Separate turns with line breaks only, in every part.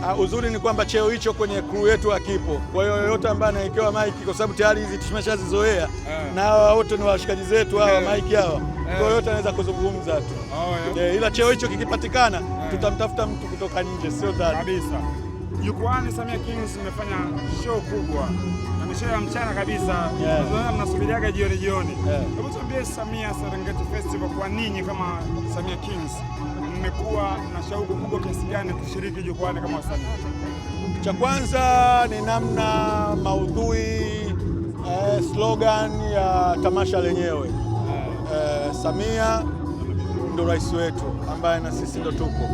Uh, uzuri ni kwamba cheo hicho kwenye crew yetu hakipo. Kwa hiyo yoyote ambaye anaekewa maiki, kwa sababu tayari hizi tumeshazizoea eh. na hawa wote ni washikaji zetu hawa yeah. maiki hawa kwa hiyo eh. yote anaweza kuzungumza tu oh, yeah. Eh, ila cheo hicho kikipatikana yeah. tutamtafuta mtu kutoka nje, sio dhani
kabisa. Jukwani Samia Kings imefanya show kubwa mwisho ya mchana kabisa, yeah. Mnasubiriaga jioni jioni, hebu yeah. Tuambie Samia Serengeti Festival, kwa ninyi kama Samia Kings mmekuwa na shauku kubwa kiasi gani kushiriki jukwani kama wasanii?
Cha kwanza ni namna maudhui eh, slogan ya tamasha lenyewe eh, Samia ndo rais wetu ambaye na sisi ndo tupo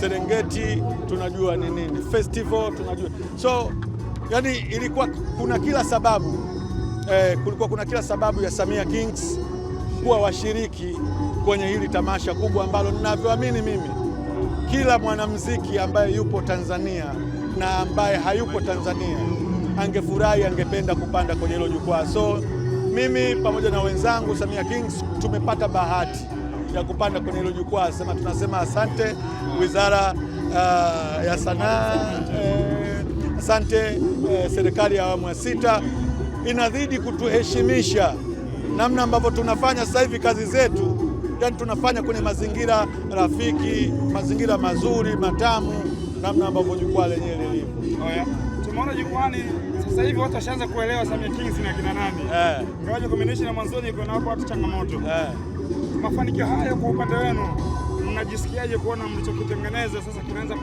Serengeti, tunajua ni nini festival, tunajua so yani ilikuwa kuna kila sababu eh, kulikuwa kuna kila sababu ya Samia Kings kuwa washiriki kwenye hili tamasha kubwa ambalo ninavyoamini mimi kila mwanamuziki ambaye yupo Tanzania na ambaye hayupo Tanzania angefurahi, angependa kupanda kwenye hilo jukwaa. So mimi pamoja na wenzangu Samia Kings tumepata bahati ya kupanda kwenye hilo jukwaa, sema tunasema asante wizara uh, ya sanaa eh, Asante eh, serikali ya awamu ya sita inazidi kutuheshimisha namna ambavyo tunafanya sasa hivi kazi zetu, yani tunafanya kwenye mazingira rafiki, mazingira mazuri matamu, namna ambavyo jukwaa lenyewe lilivyo.
Oh, Tumeona jukwani sasa hivi watu washaanza kuelewa Samia Kings na kina nani, eh. ingawaje eh, mwanzoni kuna watu changamoto eh. Mafanikio haya kwa upande wenu mnajisikiaje kuona mlichokitengeneza sasa kinaanza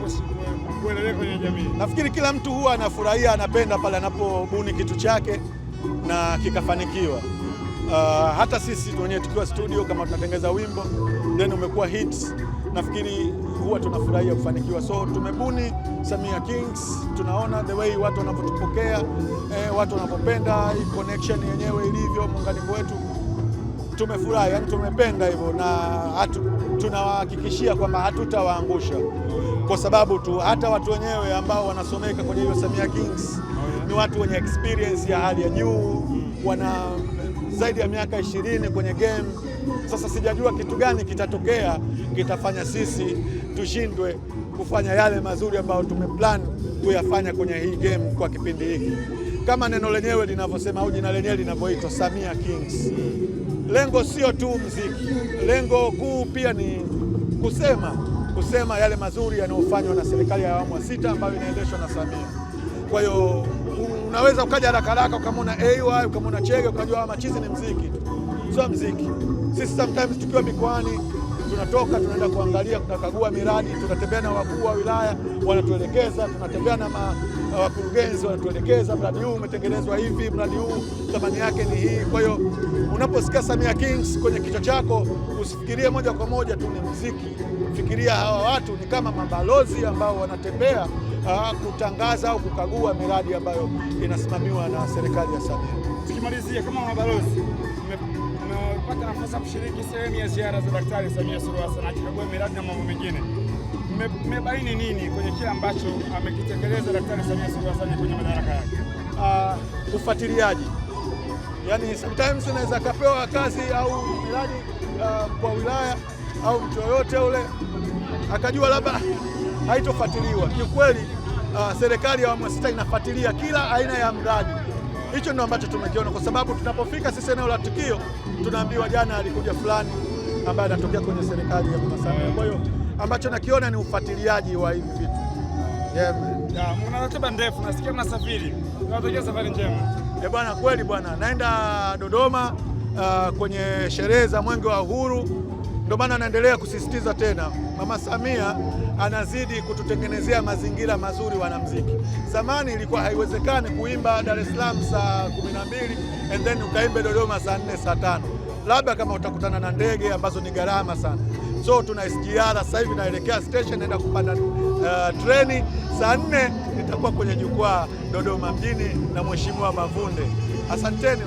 kuendelea kwenye jamii?
Nafikiri kila mtu huwa anafurahia, anapenda pale anapobuni kitu chake na kikafanikiwa. Uh, hata sisi wenyewe tukiwa studio kama tunatengeza wimbo then umekuwa hit, nafikiri huwa tunafurahia kufanikiwa. So tumebuni Samia Kings, tunaona the way watu wanavyotupokea, eh, watu wanavyopenda connection yenyewe ilivyo muunganiko wetu tumefurahi, yani tumependa hivyo, na tunawahakikishia kwamba hatutawaangusha kwa sababu tu hata watu wenyewe ambao wanasomeka kwenye hiyo Samia Kings ni watu wenye experience ya hali ya juu, wana zaidi ya miaka ishirini kwenye game. Sasa sijajua kitu gani kitatokea kitafanya sisi tushindwe kufanya yale mazuri ambayo tumeplan kuyafanya kwenye hii game kwa kipindi hiki, kama neno lenyewe linavyosema au jina lenyewe linavyoitwa Samia Kings lengo sio tu mziki, lengo kuu pia ni kusema kusema yale mazuri yanayofanywa na serikali ya awamu ya sita ambayo inaendeshwa na Samia. Kwa hiyo unaweza ukaja haraka haraka ukamwona AY ukamwona Chege ukajua machizi ni mziki tu, sio mziki. Sisi sometimes tukiwa mikoani tunatoka tunaenda kuangalia, tunakagua miradi, tunatembea na wakuu wa wilaya wanatuelekeza, tunatembea na wakurugenzi wanatuelekeza, mradi huu umetengenezwa hivi, mradi huu thamani yake ni hii. Kwa hiyo unaposikia Samia Kings kwenye kichwa chako, usifikirie moja kwa moja tu ni muziki, fikiria hawa watu ni kama mabalozi ambao wanatembea uh, kutangaza au kukagua miradi ambayo inasimamiwa na serikali ya Samia.
Tukimalizia kama mabalozi mmepata nafasi ya kushiriki sehemu ya ziara za Daktari Samia Suluhu Hassan akikagua miradi na mambo mengine, mmebaini nini kwenye kile ambacho amekitekeleza Daktari Samia Suluhu Hassan kwenye madaraka yake?
Uh, ufuatiliaji yani, sometimes unaweza kapewa kazi au miradi uh, kwa wilaya au mtu yoyote ule akajua labda haitofuatiliwa kiukweli. Uh, serikali ya awamu ya sita inafuatilia kila aina ya mradi. Hicho ndio ambacho tumekiona, kwa sababu tunapofika sisi eneo la tukio tunaambiwa jana alikuja fulani ambaye anatokea kwenye serikali ya Masaka. Kwa hiyo ambacho nakiona ni ufuatiliaji wa hivi vitu.
Mna ratiba ndefu, nasikia mnasafiri. Tunatakia safari njema.
Eh, bwana kweli bwana, naenda Dodoma uh, kwenye sherehe za Mwenge wa Uhuru. Ndio maana anaendelea kusisitiza tena, Mama Samia anazidi kututengenezea mazingira mazuri wanamuziki. Zamani ilikuwa haiwezekani kuimba Dar es Salaam saa kumi na mbili and then ukaimbe Dodoma saa nne saa tano labda kama utakutana na ndege ambazo ni gharama sana. So tuna SGR sasa hivi, naelekea station, naenda kupanda uh, treni saa nne nitakuwa kwenye jukwaa Dodoma mjini na Mheshimiwa Mavunde. Asanteni.